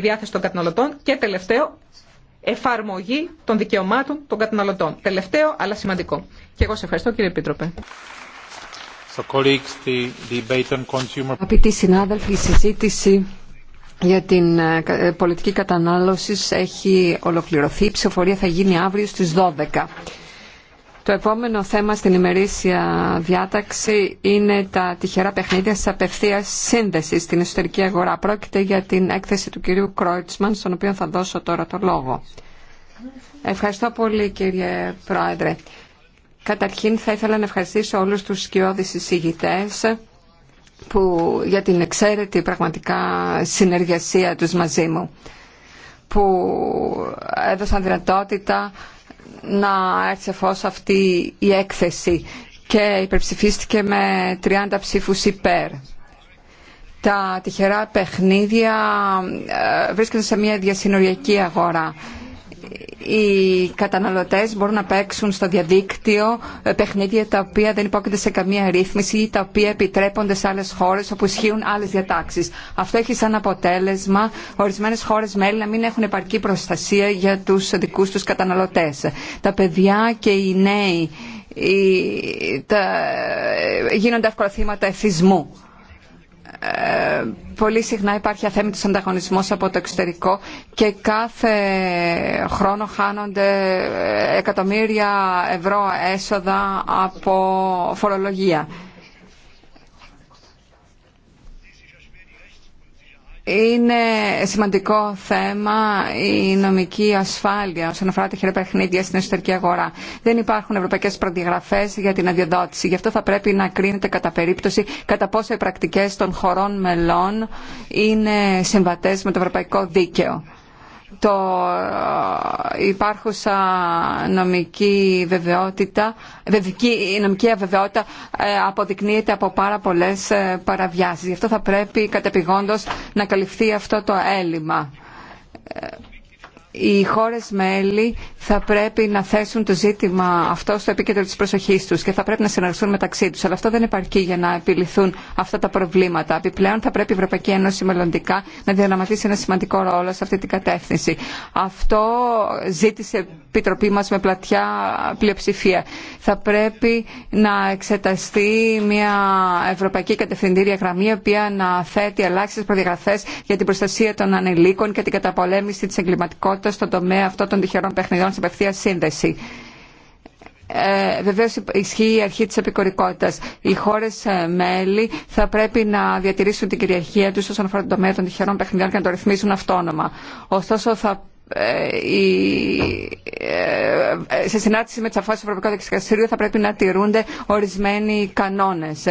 διάθεση των καταναλωτών και τελευταίο εφαρμογή των δικαιωμάτων των καταναλωτών. Τελευταίο αλλά σημαντικό. Και εγώ σε ευχαριστώ κύριε Επίτροπε. Αγαπητοί συνάδελφοι, η συζήτηση για την ε, ε, πολιτική κατανάλωση έχει ολοκληρωθεί. Η ψηφοφορία θα γίνει αύριο στις 12. Το επόμενο θέμα στην ημερήσια διάταξη είναι τα τυχερά παιχνίδια τη απευθεία σύνδεση στην εσωτερική αγορά. Πρόκειται για την έκθεση του κυρίου Κρόιτσμαν, στον οποίο θα δώσω τώρα το λόγο. Ευχαριστώ πολύ κύριε Πρόεδρε. Καταρχήν θα ήθελα να ευχαριστήσω όλους τους σκιώδεις εισηγητές που, για την εξαίρετη πραγματικά συνεργασία τους μαζί μου που έδωσαν δυνατότητα να έρθει φως αυτή η έκθεση και υπερψηφίστηκε με 30 ψήφους υπέρ. Τα τυχερά παιχνίδια ε, βρίσκονται σε μια διασυνοριακή αγορά οι καταναλωτές μπορούν να παίξουν στο διαδίκτυο ε, παιχνίδια τα οποία δεν υπόκειται σε καμία ρύθμιση ή τα οποία επιτρέπονται σε άλλες χώρες όπου ισχύουν άλλες διατάξεις. Αυτό έχει σαν αποτέλεσμα ορισμένες χώρες μέλη να μην έχουν επαρκή προστασία για τους δικούς τους καταναλωτές. Τα παιδιά και οι νέοι τα... Ε, γίνονται εύκολα θύματα εθισμού πολύ συχνά υπάρχει αθέμητος ανταγωνισμός από το εξωτερικό και κάθε χρόνο χάνονται εκατομμύρια ευρώ έσοδα από φορολογία. Είναι σημαντικό θέμα η νομική ασφάλεια όσον αφορά τα χειροπαιχνίδια στην εσωτερική αγορά. Δεν υπάρχουν ευρωπαϊκέ προδιαγραφέ για την αδειοδότηση. Γι' αυτό θα πρέπει να κρίνεται κατά περίπτωση κατά πόσο οι πρακτικέ των χωρών μελών είναι συμβατέ με το ευρωπαϊκό δίκαιο το ε, υπάρχουσα νομική βεβαιότητα, η νομική αβεβαιότητα ε, αποδεικνύεται από πάρα πολλές ε, παραβιάσεις. Γι' αυτό θα πρέπει κατεπηγόντως να καλυφθεί αυτό το έλλειμμα οι χώρες μέλη θα πρέπει να θέσουν το ζήτημα αυτό στο επίκεντρο της προσοχής τους και θα πρέπει να συνεργαστούν μεταξύ τους. Αλλά αυτό δεν επαρκεί για να επιληθούν αυτά τα προβλήματα. Επιπλέον θα πρέπει η Ευρωπαϊκή Ένωση μελλοντικά να διαδραματίσει ένα σημαντικό ρόλο σε αυτή την κατεύθυνση. Αυτό ζήτησε η Επιτροπή μας με πλατιά πλειοψηφία θα πρέπει να εξεταστεί μια ευρωπαϊκή κατευθυντήρια γραμμή, η οποία να θέτει αλλάξει προδιαγραφέ για την προστασία των ανηλίκων και την καταπολέμηση τη εγκληματικότητα στον τομέα αυτών των τυχερών παιχνιδιών σε απευθεία σύνδεση. Ε, Βεβαίω ισχύει η αρχή τη επικορικότητα. Οι χώρε ε, μέλη θα πρέπει να διατηρήσουν την κυριαρχία του όσον αφορά τον τομέα των τυχερών παιχνιδιών και να το ρυθμίσουν αυτόνομα. Ωστόσο, θα ε, ε, ε, σε συνάρτηση με τι αφάσει του Ευρωπαϊκού Δικαστηρίου θα πρέπει να τηρούνται ορισμένοι κανόνες.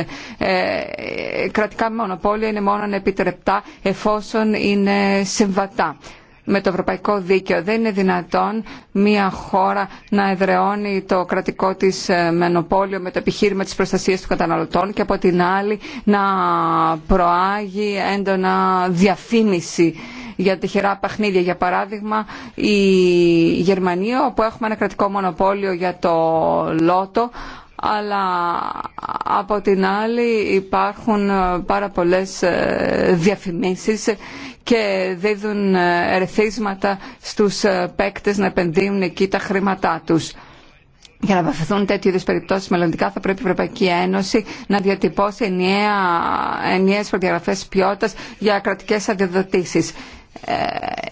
Κρατικά μονοπόλια είναι μόνο επιτρεπτά εφόσον είναι συμβατά με το ευρωπαϊκό δίκαιο. Δεν είναι δυνατόν μια χώρα να εδραιώνει το κρατικό της μενοπόλιο με το επιχείρημα της προστασίας του καταναλωτών και από την άλλη να προάγει έντονα διαφήμιση για τυχερά παιχνίδια. Για παράδειγμα, η Γερμανία, όπου έχουμε ένα κρατικό μονοπόλιο για το λότο, αλλά από την άλλη υπάρχουν ε, πάρα πολλές ε, διαφημίσεις και δίδουν ε, ερεθίσματα στους παίκτες να επενδύουν εκεί τα χρήματά τους. Για να βαφηθούν τέτοιου είδους περιπτώσει μελλοντικά θα πρέπει η Ευρωπαϊκή Ένωση να διατυπώσει ενιαίες προδιαγραφές ποιότητας για κρατικέ αντιδοτήσεις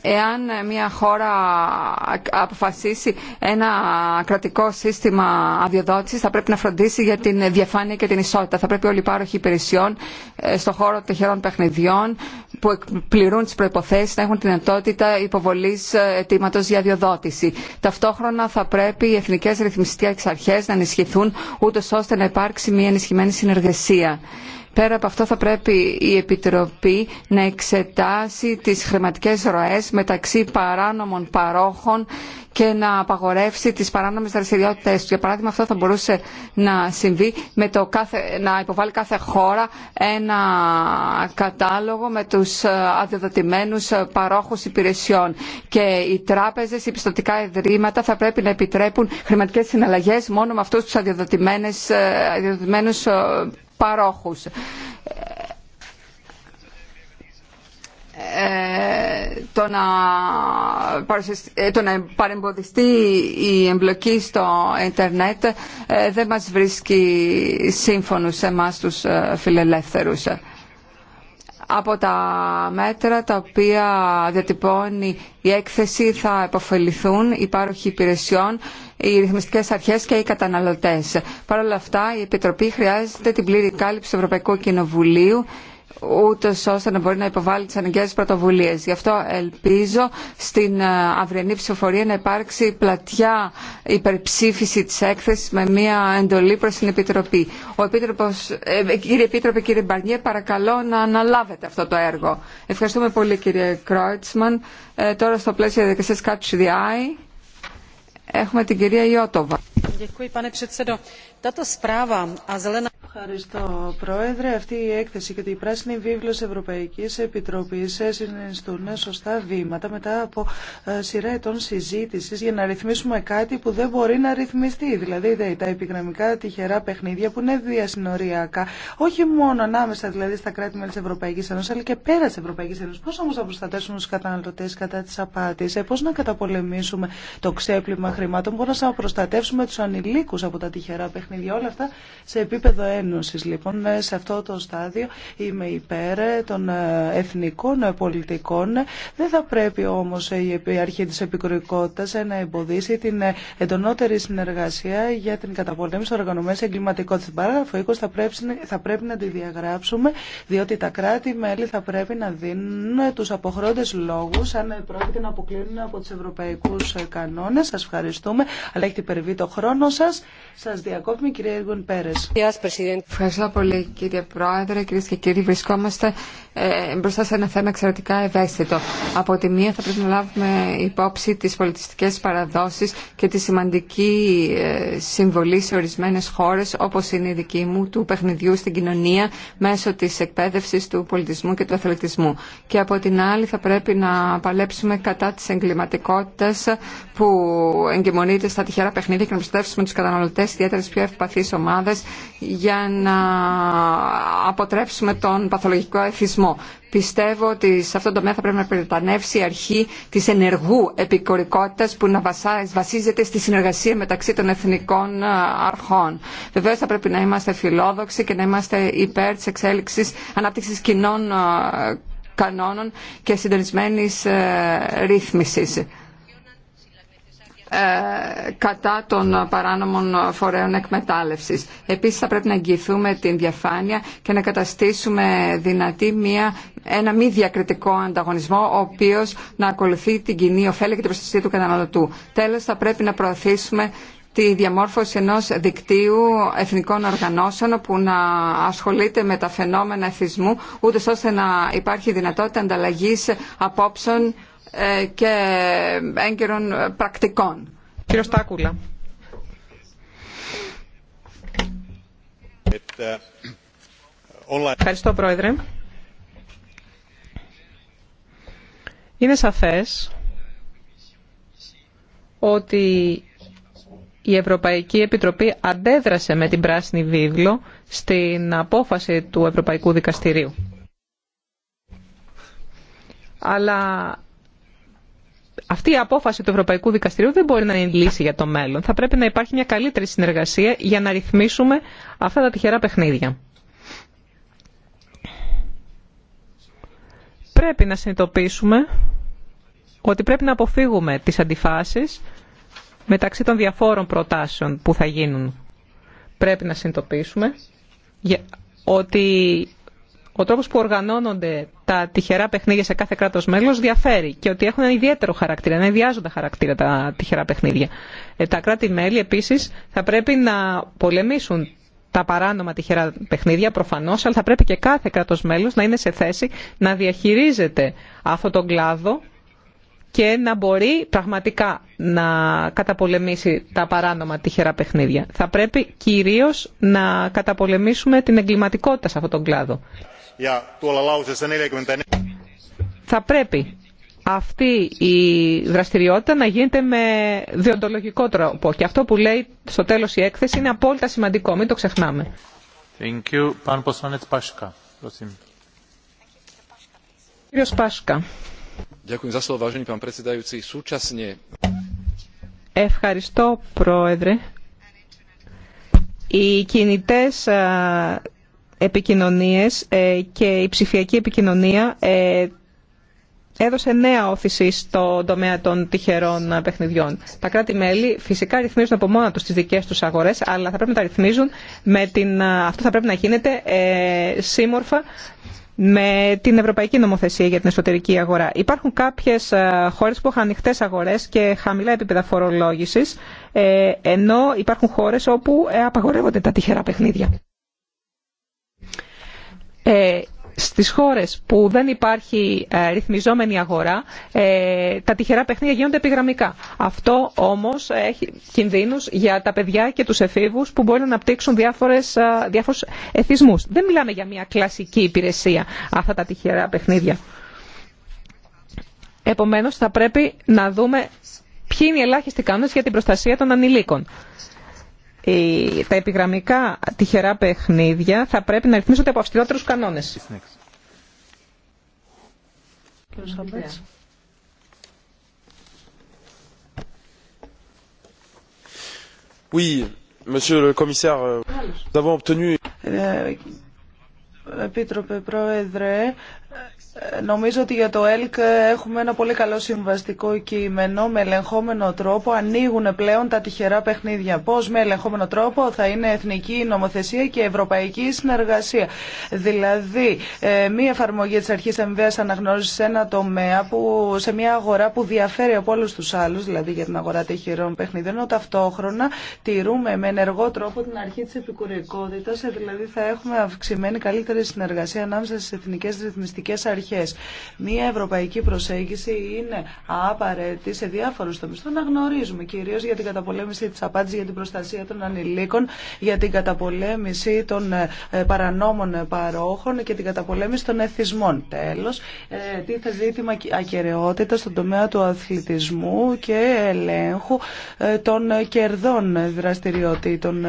εάν μια χώρα αποφασίσει ένα κρατικό σύστημα αδειοδότησης θα πρέπει να φροντίσει για την διαφάνεια και την ισότητα. Θα πρέπει όλοι οι πάροχοι υπηρεσιών ε, στον χώρο τεχερών παιχνιδιών που πληρούν τις προϋποθέσεις να έχουν την δυνατότητα υποβολής ε, αιτήματος για αδειοδότηση. Ταυτόχρονα θα πρέπει οι εθνικές ρυθμιστικές αρχές να ενισχυθούν ούτως ώστε να υπάρξει μια ενισχυμένη συνεργασία. Πέρα από αυτό θα πρέπει η Επιτροπή να εξετάσει τις χρηματικές ροές μεταξύ παράνομων παρόχων και να απαγορεύσει τις παράνομες δραστηριότητες του. Για παράδειγμα αυτό θα μπορούσε να συμβεί με το κάθε, να υποβάλει κάθε χώρα ένα κατάλογο με τους αδειοδοτημένους παρόχους υπηρεσιών και οι τράπεζες, οι πιστοτικά ιδρύματα θα πρέπει να επιτρέπουν χρηματικές συναλλαγές μόνο με αυτούς τους αδεδοτημένους παρόχους. Το να, ε, το παρεμποδιστεί η εμπλοκή στο ίντερνετ ε, δεν μας βρίσκει σύμφωνο σε εμάς τους ε, φιλελεύθερους. Από τα μέτρα τα οποία διατυπώνει η έκθεση θα επωφεληθούν οι πάροχοι υπηρεσιών οι ρυθμιστικές αρχές και οι καταναλωτές. Παρ' όλα αυτά η Επιτροπή χρειάζεται την πλήρη κάλυψη του Ευρωπαϊκού Κοινοβουλίου ούτω ώστε να μπορεί να υποβάλει τι αναγκαίε πρωτοβουλίε. Γι' αυτό ελπίζω στην ε, αυριανή ψηφοφορία να υπάρξει πλατιά υπερψήφιση τη έκθεση με μια εντολή προ την Επιτροπή. Ο Επίτροπος, ε, ε, κύριε Επίτροπε, κύριε Μπαρνιέ, παρακαλώ να αναλάβετε αυτό το έργο. Ευχαριστούμε πολύ, κύριε Κρόιτσμαν. τώρα στο πλαίσιο διαδικασία Catch the Eye. Έχουμε την κυρία Ιώτοβα. Ευχαριστώ, Πρόεδρε. Αυτή η έκθεση και η πράσινη βίβλος Ευρωπαϊκής Επιτροπής συνιστούν σωστά βήματα μετά από ε, σειρά ετών συζήτησης για να ρυθμίσουμε κάτι που δεν μπορεί να ρυθμιστεί. Δηλαδή τα επιγραμμικά τυχερά παιχνίδια που είναι διασυνοριακά, όχι μόνο ανάμεσα δηλαδή στα κράτη-μέλη της Ευρωπαϊκής Ένωσης, αλλά και πέρα της Ευρωπαϊκής Ένωσης. Πώς όμως θα προστατεύσουμε τους καταναλωτές κατά της απάτης, ε, πώς να καταπολεμήσουμε το ξέπλυμα χρημάτων, πώς να προστατεύσουμε τους ανηλίκους από τα τυχερά παιχνίδια. Όλα αυτά σε επίπεδο Λοιπόν, ε, σε αυτό το στάδιο είμαι υπέρ ε, των ε, εθνικών πολιτικών. Δεν θα πρέπει όμως η αρχή της επικροϊκότητας να εμποδίσει την εντονότερη συνεργασία για την καταπολέμηση οργανωμένων εγκληματικότητα Στην παράγραφο 20 θα πρέπει, θα πρέπει να τη διαγράψουμε, διότι τα κράτη-μέλη θα πρέπει να δίνουν τους αποχρόντες λόγους αν πρόκειται να αποκλίνουν από τους ευρωπαϊκούς κανόνες. Σας ευχαριστούμε, αλλά έχετε υπερβεί το χρόνο σας. Σας διακόπτουμε, κυρία Έργον Πέρες. Ευχαριστώ πολύ κύριε Πρόεδρε, κυρίε και κύριοι. Βρισκόμαστε ε, μπροστά σε ένα θέμα εξαιρετικά ευαίσθητο. Από τη μία θα πρέπει να λάβουμε υπόψη τις πολιτιστικές παραδόσεις και τη σημαντική ε, συμβολή σε ορισμένες χώρες όπως είναι η δική μου του παιχνιδιού στην κοινωνία μέσω της εκπαίδευσης του πολιτισμού και του αθλητισμού. Και από την άλλη θα πρέπει να παλέψουμε κατά της εγκληματικότητα που εγκυμονείται στα τυχερά παιχνίδια και να προστατεύσουμε του καταναλωτές ιδιαίτερα πιο ομάδες για να αποτρέψουμε τον παθολογικό εθισμό. Πιστεύω ότι σε αυτό το τομέα θα πρέπει να περιτανεύσει η αρχή της ενεργού επικορικότητας που να βασίζεται στη συνεργασία μεταξύ των εθνικών ε, αρχών. Βεβαίω θα πρέπει να είμαστε φιλόδοξοι και να είμαστε υπέρ της εξέλιξης ανάπτυξης κοινών ε, κανόνων και συντονισμένης ε, ρύθμισης. Ε, κατά των παράνομων φορέων εκμετάλλευσης. Επίσης θα πρέπει να εγγυηθούμε την διαφάνεια και να καταστήσουμε δυνατή μια, ένα μη διακριτικό ανταγωνισμό ο οποίος να ακολουθεί την κοινή ωφέλεια και την προστασία του καταναλωτού. Τέλος θα πρέπει να προωθήσουμε τη διαμόρφωση ενός δικτύου εθνικών οργανώσεων που να ασχολείται με τα φαινόμενα εθισμού, ούτως ώστε να υπάρχει δυνατότητα ανταλλαγής απόψεων ε, και έγκαιρων πρακτικών. Κύριο Στάκουλα. Uh, Ευχαριστώ, Πρόεδρε. Είναι σαφές ότι η Ευρωπαϊκή Επιτροπή αντέδρασε με την Πράσινη Βίβλο στην απόφαση του Ευρωπαϊκού Δικαστηρίου. Αλλά αυτή η απόφαση του Ευρωπαϊκού Δικαστηρίου δεν μπορεί να είναι λύση για το μέλλον. Θα πρέπει να υπάρχει μια καλύτερη συνεργασία για να ρυθμίσουμε αυτά τα τυχερά παιχνίδια. Πρέπει να συνειδητοποιήσουμε ότι πρέπει να αποφύγουμε τις αντιφάσεις μεταξύ των διαφόρων προτάσεων που θα γίνουν. Πρέπει να συνειδητοποιήσουμε ότι ο τρόπος που οργανώνονται τα τυχερά παιχνίδια σε κάθε κράτος μέλος διαφέρει και ότι έχουν ένα ιδιαίτερο χαρακτήρα, ένα ιδιάζοντα χαρακτήρα τα τυχερά παιχνίδια. Ε, τα κράτη-μέλη επίσης θα πρέπει να πολεμήσουν τα παράνομα τυχερά παιχνίδια προφανώς, αλλά θα πρέπει και κάθε κράτος μέλος να είναι σε θέση να διαχειρίζεται αυτόν τον κλάδο και να μπορεί πραγματικά να καταπολεμήσει τα παράνομα τυχερά παιχνίδια. Θα πρέπει κυρίως να καταπολεμήσουμε την εγκληματικότητα σε αυτόν τον κλάδο. Θα πρέπει αυτή η δραστηριότητα να γίνεται με διοντολογικό τρόπο. Και αυτό που λέει στο τέλος η έκθεση είναι απόλυτα σημαντικό. Μην το ξεχνάμε. Thank you. Ευχαριστώ, Πρόεδρε. Οι κινητές επικοινωνίες ε, και η ψηφιακή επικοινωνία ε, έδωσε νέα όθηση στον τομέα των τυχερών παιχνιδιών. Τα κράτη-μέλη φυσικά ρυθμίζουν από μόνα τους τις δικές τους αγορές, αλλά θα πρέπει να τα ρυθμίζουν με την... Αυτό θα πρέπει να γίνεται ε, σύμμορφα με την Ευρωπαϊκή Νομοθεσία για την Εσωτερική Αγορά. Υπάρχουν κάποιες χώρες που έχουν ανοιχτέ αγορές και χαμηλά επίπεδα φορολόγησης, ενώ υπάρχουν χώρες όπου απαγορεύονται τα τυχερά παιχνίδια. Ε, στις χώρες που δεν υπάρχει ε, ρυθμιζόμενη αγορά ε, τα τυχερά παιχνίδια γίνονται επιγραμμικά. Αυτό όμως έχει κινδύνους για τα παιδιά και τους εφήβους που μπορεί να αναπτύξουν διάφορες, διάφορους εθισμούς. Δεν μιλάμε για μια κλασική υπηρεσία αυτά τα τυχερά παιχνίδια. Επομένως θα πρέπει να δούμε ποιοι είναι οι ελάχιστοι κανόνες για την προστασία των ανηλίκων τα επιγραμμικά τυχερά παιχνίδια θα πρέπει να ρυθμίζονται από αυστηρότερους κανόνες. Oui, monsieur le commissaire, nous avons obtenu... Ε, επίτροπε Πρόεδρε, Νομίζω ότι για το ΕΛΚ έχουμε ένα πολύ καλό συμβαστικό κείμενο με ελεγχόμενο τρόπο. Ανοίγουν πλέον τα τυχερά παιχνίδια. Πώ με ελεγχόμενο τρόπο θα είναι εθνική νομοθεσία και ευρωπαϊκή συνεργασία. Δηλαδή, ε, μία εφαρμογή τη αρχή Εμβέα αναγνώριση σε ένα τομέα που, σε μια αγορά που διαφέρει από όλου του άλλου, δηλαδή για την αγορά τυχερών παιχνιδιών, ενώ ταυτόχρονα τηρούμε με ενεργό τρόπο την αρχή τη επικουρικότητα, ε, δηλαδή θα έχουμε αυξημένη καλύτερη συνεργασία ανάμεσα στι εθνικέ ρυθμιστικέ αρχές. Μία ευρωπαϊκή προσέγγιση είναι απαραίτητη σε διάφορους τομείς. Το να γνωρίζουμε κυρίως για την καταπολέμηση της απάντησης, για την προστασία των ανηλίκων, για την καταπολέμηση των ε, παρανόμων παρόχων και την καταπολέμηση των εθισμών. Τέλος, ε, τίθε ζήτημα ακαιρεότητα στον τομέα του αθλητισμού και ελέγχου ε, των κερδών δραστηριοτήτων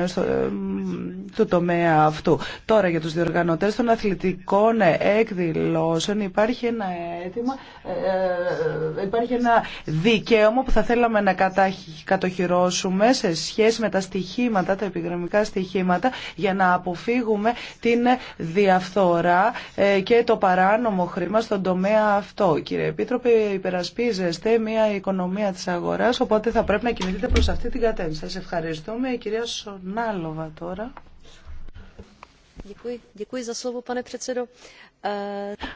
του τομέα αυτού. Τώρα για τους διοργανωτές των αθλητικών εκδηλώσεων Υπάρχει ένα αίτημα, ε, ε, υπάρχει ένα δικαίωμα που θα θέλαμε να κατοχυρώσουμε σε σχέση με τα στοιχήματα, τα επιγραμμικά στοιχήματα, για να αποφύγουμε την διαφθορά ε, και το παράνομο χρήμα στον τομέα αυτό. Κύριε Επίτροπε, υπερασπίζεστε μια οικονομία της αγοράς, οπότε θα πρέπει να κινηθείτε προς αυτή την κατένση. Σας ευχαριστούμε. Η κυρία Σονάλοβα τώρα.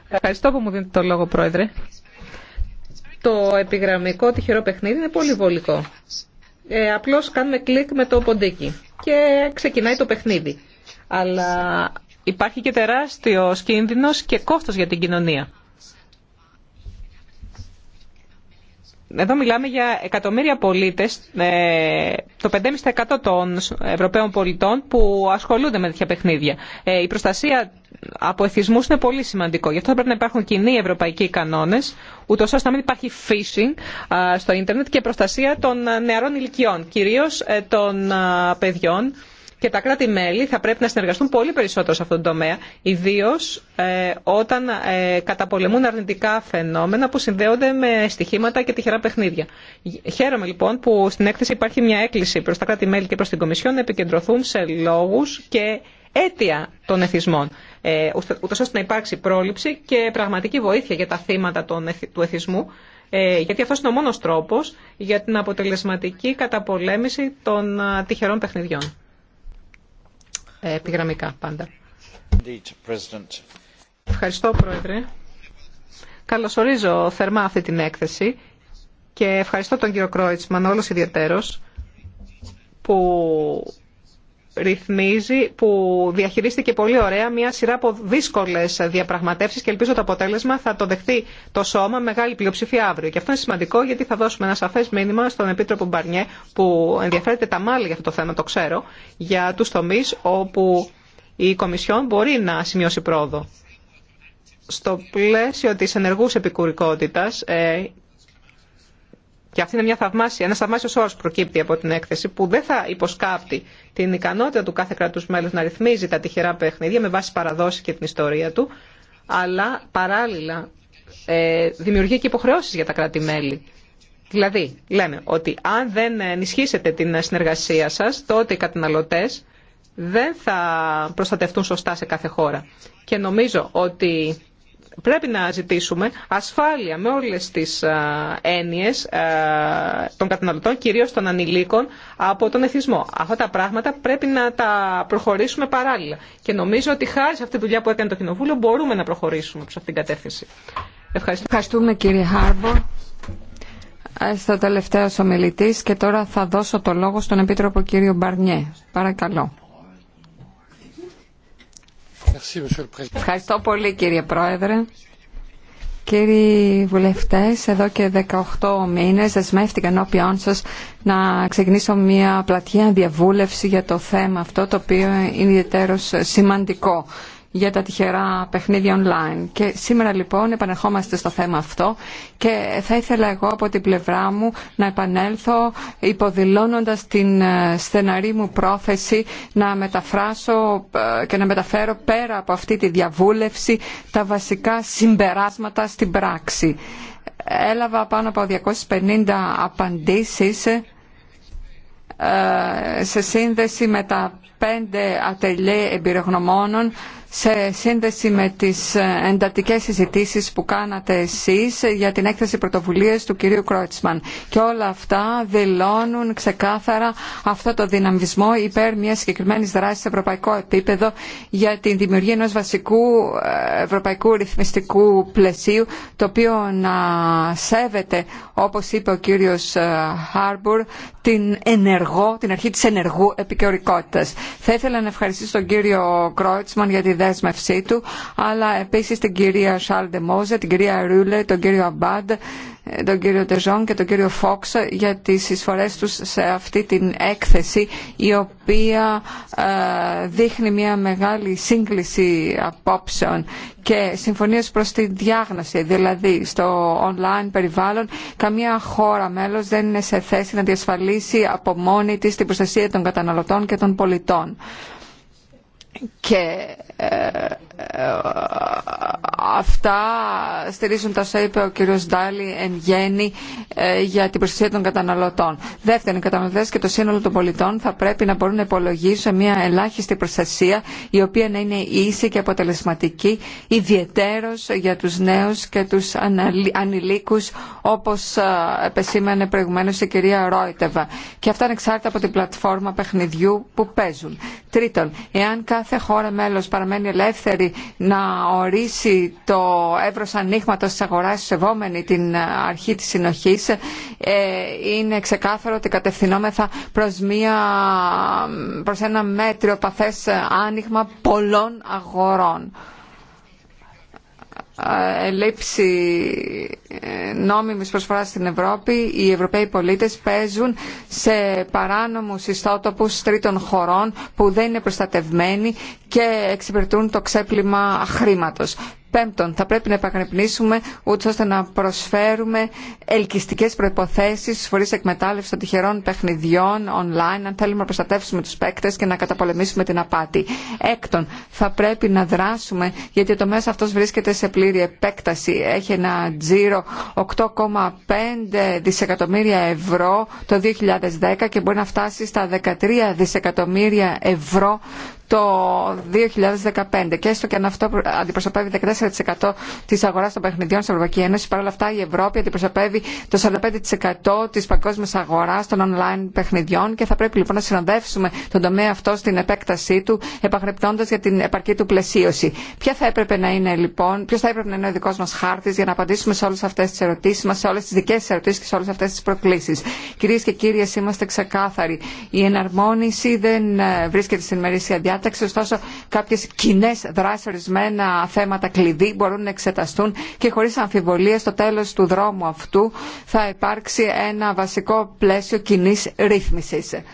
Ευχαριστώ που μου δίνετε το λόγο, Πρόεδρε. Το επιγραμμικό τυχερό παιχνίδι είναι πολύ βολικό. Ε, απλώς κάνουμε κλικ με το ποντίκι και ξεκινάει το παιχνίδι. Αλλά υπάρχει και τεράστιος κίνδυνος και κόστος για την κοινωνία. Εδώ μιλάμε για εκατομμύρια πολίτες, ε, το 5,5% των Ευρωπαίων πολιτών που ασχολούνται με τέτοια παιχνίδια. Ε, η προστασία από εθισμού είναι πολύ σημαντικό. Γι' αυτό θα πρέπει να υπάρχουν κοινοί ευρωπαϊκοί κανόνε ούτω ώστε να μην υπάρχει phishing στο ίντερνετ και προστασία των νεαρών ηλικιών, κυρίως ε, των παιδιών. Και τα κράτη-μέλη θα πρέπει να συνεργαστούν πολύ περισσότερο σε αυτόν τον τομέα, ιδίω ε, όταν ε, καταπολεμούν αρνητικά φαινόμενα που συνδέονται με στοιχήματα και τυχερά παιχνίδια. Χαίρομαι λοιπόν που στην έκθεση υπάρχει μια έκκληση προ τα κράτη-μέλη και προ την Κομισιόν να επικεντρωθούν σε λόγου και αίτια των εθισμών, ε, ούτως ώστε να υπάρξει πρόληψη και πραγματική βοήθεια για τα θύματα του εθισμού, ε, γιατί αυτός είναι ο μόνος τρόπος για την αποτελεσματική καταπολέμηση των τυχερών παιχνιδιών. Ε, επιγραμμικά πάντα. Ευχαριστώ, Πρόεδρε. Καλωσορίζω θερμά αυτή την έκθεση και ευχαριστώ τον κύριο Κρόιτσμαν όλος ιδιαίτερος που ρυθμίζει, που διαχειρίστηκε πολύ ωραία μια σειρά από δύσκολε διαπραγματεύσει και ελπίζω το αποτέλεσμα θα το δεχτεί το Σώμα μεγάλη πλειοψηφία αύριο. Και αυτό είναι σημαντικό γιατί θα δώσουμε ένα σαφέ μήνυμα στον Επίτροπο Μπαρνιέ, που ενδιαφέρεται τα μάλλη για αυτό το θέμα, το ξέρω, για του τομεί όπου η Κομισιόν μπορεί να σημειώσει πρόοδο. Στο πλαίσιο της ενεργούς επικουρικότητας ε, και αυτή είναι μια θαυμάσια, ένας θαυμάσιος όρο προκύπτει από την έκθεση, που δεν θα υποσκάπτει την ικανότητα του κάθε κρατου μέλους να ρυθμίζει τα τυχερά παιχνίδια με βάση παραδόση και την ιστορία του, αλλά παράλληλα ε, δημιουργεί και υποχρεώσει για τα κράτη-μέλη. Δηλαδή, λέμε ότι αν δεν ενισχύσετε την συνεργασία σα, τότε οι καταναλωτέ δεν θα προστατευτούν σωστά σε κάθε χώρα. Και νομίζω ότι πρέπει να ζητήσουμε ασφάλεια με όλες τις έννοιες των καταναλωτών, κυρίως των ανηλίκων, από τον εθισμό. Αυτά τα πράγματα πρέπει να τα προχωρήσουμε παράλληλα. Και νομίζω ότι χάρη σε αυτή τη δουλειά που έκανε το Κοινοβούλιο μπορούμε να προχωρήσουμε σε αυτήν την κατεύθυνση. Ευχαριστώ. Ευχαριστούμε κύριε Χάρμπορ. Στο τελευταίο ομιλητή και τώρα θα δώσω το λόγο στον Επίτροπο κύριο Μπαρνιέ. Παρακαλώ. Ευχαριστώ πολύ κύριε Πρόεδρε. Κύριοι βουλευτές, εδώ και 18 μήνες δεσμεύτηκα ενώπιόν σας να ξεκινήσω μια πλατιά διαβούλευση για το θέμα αυτό, το οποίο είναι ιδιαίτερο σημαντικό για τα τυχερά παιχνίδια online. Και σήμερα λοιπόν επανερχόμαστε στο θέμα αυτό και θα ήθελα εγώ από την πλευρά μου να επανέλθω υποδηλώνοντας την ε, στεναρή μου πρόθεση να μεταφράσω ε, και να μεταφέρω πέρα από αυτή τη διαβούλευση τα βασικά συμπεράσματα στην πράξη. Έλαβα πάνω από 250 απαντήσεις ε, σε σύνδεση με τα πέντε ατελέ εμπειρογνωμόνων σε σύνδεση με τις ε, εντατικές συζητήσεις που κάνατε εσείς για την έκθεση πρωτοβουλίας του κυρίου Κρότσμαν. Και όλα αυτά δηλώνουν ξεκάθαρα αυτό το δυναμισμό υπέρ μιας συγκεκριμένης δράσης σε ευρωπαϊκό επίπεδο για την δημιουργία ενός βασικού ε, ευρωπαϊκού ρυθμιστικού πλαισίου το οποίο να σέβεται, όπως είπε ο κύριος ε, Χάρμπουρ, την, αρχή της ενεργού επικαιρικότητας. Θα ήθελα να ευχαριστήσω τον κύριο Κρότσμαν για τη δέσμευσή του, αλλά επίσης την κυρία Σάλ Μόζε, την κυρία Ρούλε, τον κύριο Αμπάντ, τον κύριο Τεζόν και τον κύριο Φόξ για τις εισφορές τους σε αυτή την έκθεση η οποία ε, δείχνει μια μεγάλη σύγκληση απόψεων και συμφωνίες προς τη διάγνωση. Δηλαδή στο online περιβάλλον καμία χώρα μέλος δεν είναι σε θέση να διασφαλίσει από μόνη της την προστασία των καταναλωτών και των πολιτών και ε, ε, αυτά στηρίζουν τα όσα είπε ο κύριος Ντάλι εν γέννη ε, για την προστασία των καταναλωτών. Δεύτερον, οι καταναλωτέ και το σύνολο των πολιτών θα πρέπει να μπορούν να υπολογίσουν μια ελάχιστη προστασία η οποία να είναι ίση και αποτελεσματική, ιδιαιτέρω για του νέου και του ανηλίκου όπω ε, επεσήμανε προηγουμένω η κυρία Ρόιτεβα. Και αυτά ανεξάρτητα από την πλατφόρμα παιχνιδιού που παίζουν. Τρίτον, εάν κάθε χώρα μέλο παραμένει ελεύθερη να ορίσει το εύρο ανοίγματο τη αγορά σεβόμενη την ε, αρχή τη συνοχή, ε, είναι ξεκάθαρο ότι κατευθυνόμεθα προς, ένα μέτριο παθές άνοιγμα πολλών αγορών ε, ελήψη ε, νόμιμης προσφοράς στην Ευρώπη οι Ευρωπαίοι πολίτες παίζουν σε παράνομους ιστότοπους τρίτων χωρών που δεν είναι προστατευμένοι και εξυπηρετούν το ξέπλυμα χρήματος. Πέμπτον, θα πρέπει να επαγρυπνήσουμε ούτως ώστε να προσφέρουμε ελκυστικές προϋποθέσεις φορείς εκμετάλλευση των τυχερών παιχνιδιών online αν θέλουμε να προστατεύσουμε τους παίκτες και να καταπολεμήσουμε την απάτη. Έκτον, θα πρέπει να δράσουμε γιατί το μέσο αυτός βρίσκεται σε πλήρη επέκταση. Έχει ένα τζίρο 8,5 δισεκατομμύρια ευρώ το 2010 και μπορεί να φτάσει στα 13 δισεκατομμύρια ευρώ το 2015 και έστω και αν αυτό αντιπροσωπεύει 14% της αγοράς των παιχνιδιών στην Ευρωπαϊκή Ένωση παρόλα αυτά η Ευρώπη αντιπροσωπεύει το 45% της παγκόσμιας αγοράς των online παιχνιδιών και θα πρέπει λοιπόν να συνοδεύσουμε τον τομέα αυτό στην επέκτασή του επαγρυπτώντας για την επαρκή του πλαισίωση. Ποια θα έπρεπε να είναι λοιπόν, ποιος θα έπρεπε να είναι ο δικός μας χάρτης για να απαντήσουμε σε όλες αυτές τις ερωτήσεις μας, σε όλες τις δικές ερωτήσεις και σε όλες αυτές τις προκλήσεις. Κυρίες και κύριοι, είμαστε ξεκάθαροι. Η εναρμόνιση δεν ε, βρίσκεται στην μερίσια διάταξη, ωστόσο κάποιε κοινέ δράσει, ορισμένα θέματα κλειδί μπορούν να εξεταστούν και χωρί αμφιβολία στο τέλο του δρόμου αυτού θα υπάρξει ένα βασικό πλαίσιο κοινή ρύθμιση.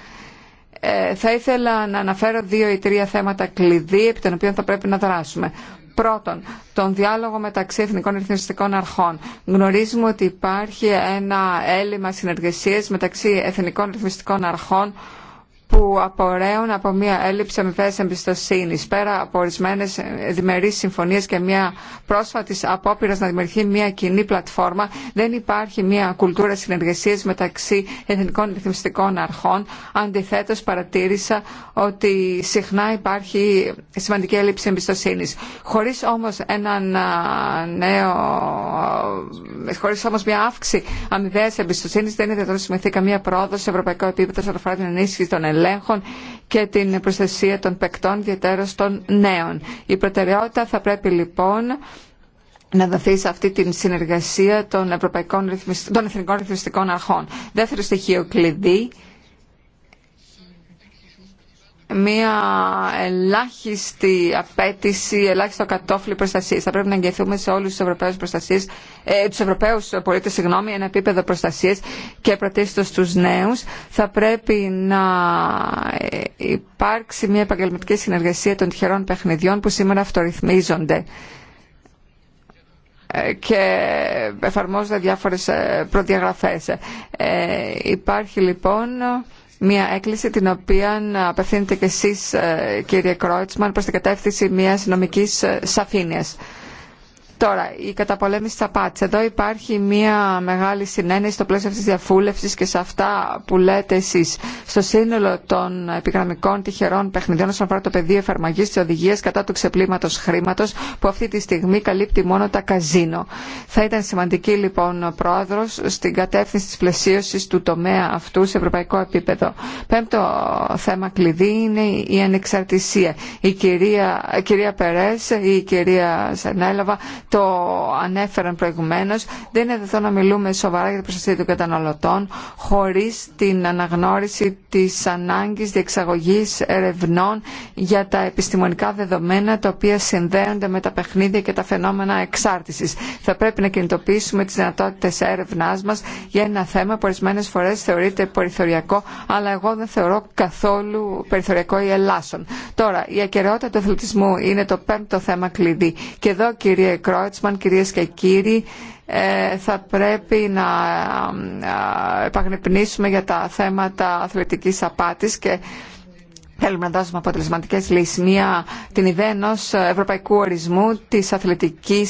Ε, θα ήθελα να αναφέρω δύο ή τρία θέματα κλειδί επί των οποίων θα πρέπει να δράσουμε. Πρώτον, τον διάλογο μεταξύ εθνικών ρυθμιστικών αρχών. Γνωρίζουμε ότι υπάρχει ένα έλλειμμα συνεργασίας μεταξύ εθνικών ρυθμιστικών αρχών που απορρέουν από μια έλλειψη αμοιβέ εμπιστοσύνη, πέρα από ορισμένε διμερεί συμφωνίε και μια πρόσφατη απόπειρα να δημιουργεί μια κοινή πλατφόρμα, δεν υπάρχει μια κουλτούρα συνεργασία μεταξύ εθνικών ρυθμιστικών αρχών. Αντιθέτω, παρατήρησα ότι συχνά υπάρχει σημαντική έλλειψη εμπιστοσύνη. Χωρί όμω έναν νέο. Χωρί όμω μια αύξηση αμοιβαία εμπιστοσύνη, δεν είναι δυνατόν να σημειωθεί καμία πρόοδο σε ευρωπαϊκό επίπεδο την ενίσχυση των ελέγχων και την προστασία των παικτών, ιδιαίτερα των νέων. Η προτεραιότητα θα πρέπει λοιπόν να δοθεί σε αυτή την συνεργασία των, ευρωπαϊκών, των εθνικών ρυθμιστικών αρχών. Δεύτερο στοιχείο κλειδί μία ελάχιστη απέτηση, ελάχιστο κατόφλι προστασία. Θα πρέπει να εγγυηθούμε σε όλους τους Ευρωπαίου προστασίες, ε, Ευρωπαίους πολίτες συγγνώμη, ένα επίπεδο προστασία και πρωτίστω του νέους. Θα πρέπει να ε, υπάρξει μια επαγγελματική συνεργασία των τυχερών παιχνιδιών που σήμερα αυτορυθμίζονται ε, και εφαρμόζονται διάφορες ε, προδιαγραφές. υπάρχει λοιπόν Μία έκκληση την οποία απευθύνετε κι εσείς ε, κύριε Κρόιτσμαν προς την κατεύθυνση μιας νομικής ε, σαφήνειας. Τώρα, η καταπολέμηση της απάτης. Εδώ υπάρχει μια μεγάλη συνένεση στο πλαίσιο αυτής της διαφούλευσης και σε αυτά που λέτε εσείς. Στο σύνολο των επιγραμμικών τυχερών παιχνιδιών όσον αφορά το πεδίο εφαρμογής της οδηγίας κατά του ξεπλήματος χρήματος που αυτή τη στιγμή καλύπτει μόνο τα καζίνο. Θα ήταν σημαντική λοιπόν ο πρόεδρος στην κατεύθυνση της πλαισίωσης του τομέα αυτού σε ευρωπαϊκό επίπεδο. Πέμπτο θέμα κλειδί είναι η ανεξαρτησία. Η κυρία, κυρία η κυρία Σανέλαβα το ανέφεραν προηγουμένω, δεν είναι δεδομένο να μιλούμε σοβαρά για την προστασία των καταναλωτών χωρί την αναγνώριση τη ανάγκη διεξαγωγή ερευνών για τα επιστημονικά δεδομένα τα οποία συνδέονται με τα παιχνίδια και τα φαινόμενα εξάρτηση. Θα πρέπει να κινητοποιήσουμε τι δυνατότητε έρευνά μα για ένα θέμα που ορισμένε φορέ θεωρείται περιθωριακό, αλλά εγώ δεν θεωρώ καθόλου περιθωριακό ή ελάσσον. Τώρα, η ακαιρεότητα του αθλητισμού είναι το πέμπτο θέμα κλειδί. Και εδώ, κύριε Κρό, Κυρίε κυρίες και κύριοι, ε, θα πρέπει να ε, επαγνυπνήσουμε για τα θέματα αθλητικής απάτης και θέλουμε να δώσουμε αποτελεσματικέ λύσει. Μία την ιδέα ενό ευρωπαϊκού ορισμού της αθλητική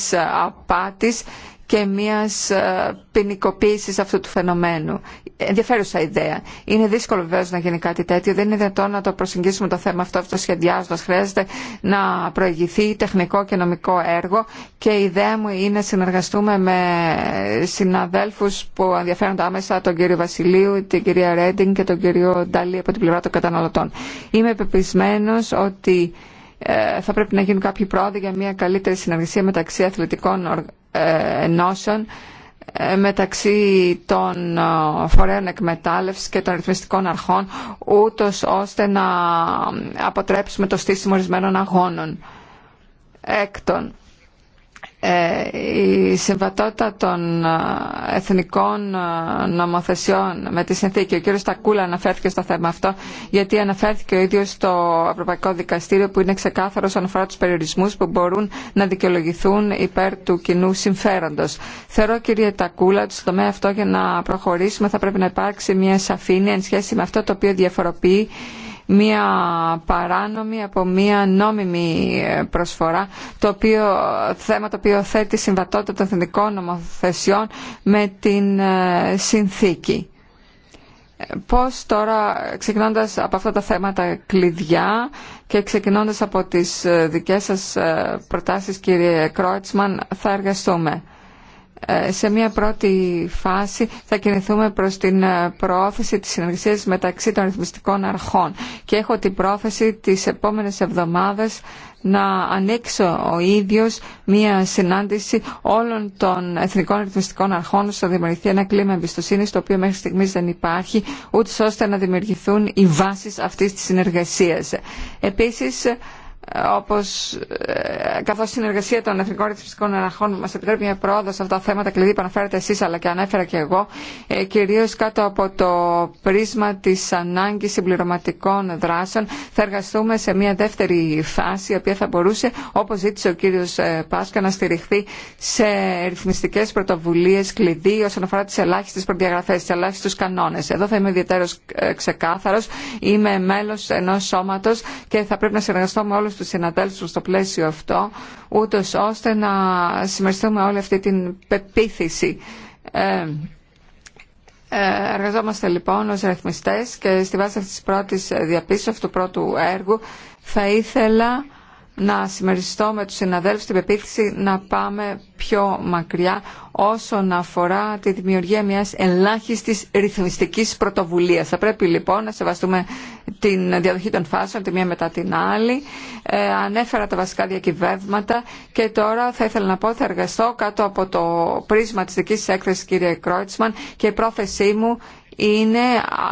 απάτης και μιας ε, ποινικοποίηση αυτού του φαινομένου. Ενδιαφέρουσα ιδέα. Είναι δύσκολο βεβαίω να γίνει κάτι τέτοιο. Δεν είναι δυνατόν να το προσεγγίσουμε το θέμα αυτό αυτοσχεδιάζοντα. Χρειάζεται να προηγηθεί τεχνικό και νομικό έργο και η ιδέα μου είναι να συνεργαστούμε με συναδέλφου που ενδιαφέρονται άμεσα, τον κύριο Βασιλείου, την κυρία Ρέντινγκ και τον κύριο Νταλή από την πλευρά των καταναλωτών. Είμαι πεπισμένο ότι ε, θα πρέπει να γίνουν κάποιοι πρόοδοι για μια καλύτερη συνεργασία μεταξύ αθλητικών ε, ενώσεων, ε, μεταξύ των φορέων εκμετάλλευση και των ρυθμιστικών αρχών, ούτω ώστε να αποτρέψουμε το στήσιμο ορισμένων αγώνων. Έκτον, ε, η συμβατότητα των ε, εθνικών ε, νομοθεσιών με τη συνθήκη. Ο κύριος Τακούλα αναφέρθηκε στο θέμα αυτό, γιατί αναφέρθηκε ο ίδιος στο Ευρωπαϊκό Δικαστήριο που είναι ξεκάθαρο όσον αφορά του περιορισμούς που μπορούν να δικαιολογηθούν υπέρ του κοινού συμφέροντο. Θεωρώ κύριε Τακούλα ότι στο τομέα αυτό για να προχωρήσουμε θα πρέπει να υπάρξει μια σαφήνεια εν σχέση με αυτό το οποίο διαφοροποιεί μία παράνομη από μία νόμιμη ε, προσφορά, το οποίο, θέμα το οποίο θέτει συμβατότητα των εθνικών νομοθεσιών με την ε, συνθήκη. Πώς τώρα, ξεκινώντας από αυτά τα θέματα κλειδιά και ξεκινώντας από τις ε, δικές σας προτάσεις, κύριε Κρότσμαν, θα εργαστούμε. Ε, σε μια πρώτη φάση θα κινηθούμε προς την ε, προώθηση της συνεργασίας μεταξύ των ρυθμιστικών αρχών και έχω την πρόθεση τις επόμενες εβδομάδες να ανοίξω ο ίδιος μια συνάντηση όλων των εθνικών ρυθμιστικών αρχών ώστε να δημιουργηθεί ένα κλίμα εμπιστοσύνη το οποίο μέχρι στιγμή δεν υπάρχει, ούτω ώστε να δημιουργηθούν οι βάσεις αυτής της συνεργασίας. Επίσης όπως, ε, καθώς η συνεργασία των εθνικών ρυθμιστικών αναχών μας επιτρέπει μια πρόοδο σε αυτά τα θέματα κλειδί που αναφέρατε εσείς αλλά και ανέφερα και εγώ, ε, κυρίως κάτω από το πρίσμα της ανάγκης συμπληρωματικών δράσεων θα εργαστούμε σε μια δεύτερη φάση η οποία θα μπορούσε, όπως ζήτησε ο κύριος ε, Πάσκα, να στηριχθεί σε ρυθμιστικές πρωτοβουλίες κλειδί όσον αφορά τις ελάχιστες προδιαγραφές, τις ελάχιστους κανόνες. Εδώ θα είμαι ιδιαίτερος ξεκάθαρος, είμαι μέλος ενός σώματος και θα πρέπει να συνεργαστώ με όλους τους στο πλαίσιο αυτό, ούτως ώστε να συμμεριστούμε όλη αυτή την πεποίθηση. Ε, ε εργαζόμαστε λοιπόν ως ρυθμιστές και στη βάση αυτής της πρώτης διαπίστωσης, του πρώτου έργου, θα ήθελα να συμμεριστώ με τους συναδέλφους την πεποίθηση να πάμε πιο μακριά όσον αφορά τη δημιουργία μιας ελάχιστης ρυθμιστικής πρωτοβουλίας. Θα πρέπει λοιπόν να σεβαστούμε την διαδοχή των φάσεων, τη μία μετά την άλλη. Ε, ανέφερα τα βασικά διακυβεύματα και τώρα θα ήθελα να πω θα εργαστώ κάτω από το πρίσμα της δικής έκθεσης κύριε Κρόιτσμαν και η πρόθεσή μου είναι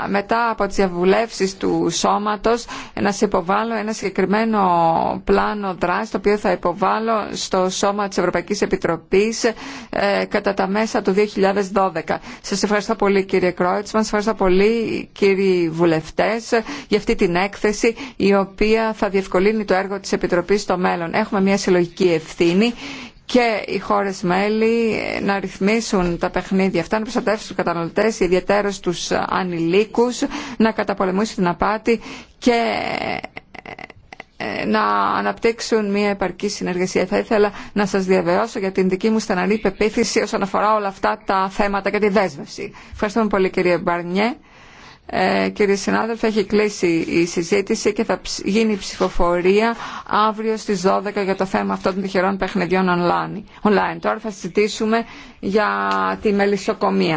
μετά από τις διαβουλεύσεις του σώματος να σε υποβάλω ένα συγκεκριμένο πλάνο δράση το οποίο θα υποβάλω στο σώμα της Ευρωπαϊκής Επιτροπής ε, κατά τα μέσα του 2012. Σας ευχαριστώ πολύ κύριε Κρόιτσμαν, σας ευχαριστώ πολύ κύριοι βουλευτές για αυτή την έκθεση η οποία θα διευκολύνει το έργο της Επιτροπής στο μέλλον. Έχουμε μια συλλογική ευθύνη και οι χώρε μέλη να ρυθμίσουν τα παιχνίδια αυτά, να προστατεύσουν του καταναλωτέ, ιδιαίτερω τους ανηλίκους, να καταπολεμήσουν την απάτη και ε, να αναπτύξουν μια επαρκή συνεργασία. Θα ήθελα να σας διαβεώσω για την δική μου στεναρή πεποίθηση όσον αφορά όλα αυτά τα θέματα και τη δέσμευση. Ευχαριστούμε πολύ κύριε Μπαρνιέ. Ε, κύριε συνάδελφε, έχει κλείσει η συζήτηση και θα γίνει η ψηφοφορία αύριο στις 12 για το θέμα αυτών των τυχερών παιχνιδιών online. Τώρα θα συζητήσουμε για τη μελισσοκομεία.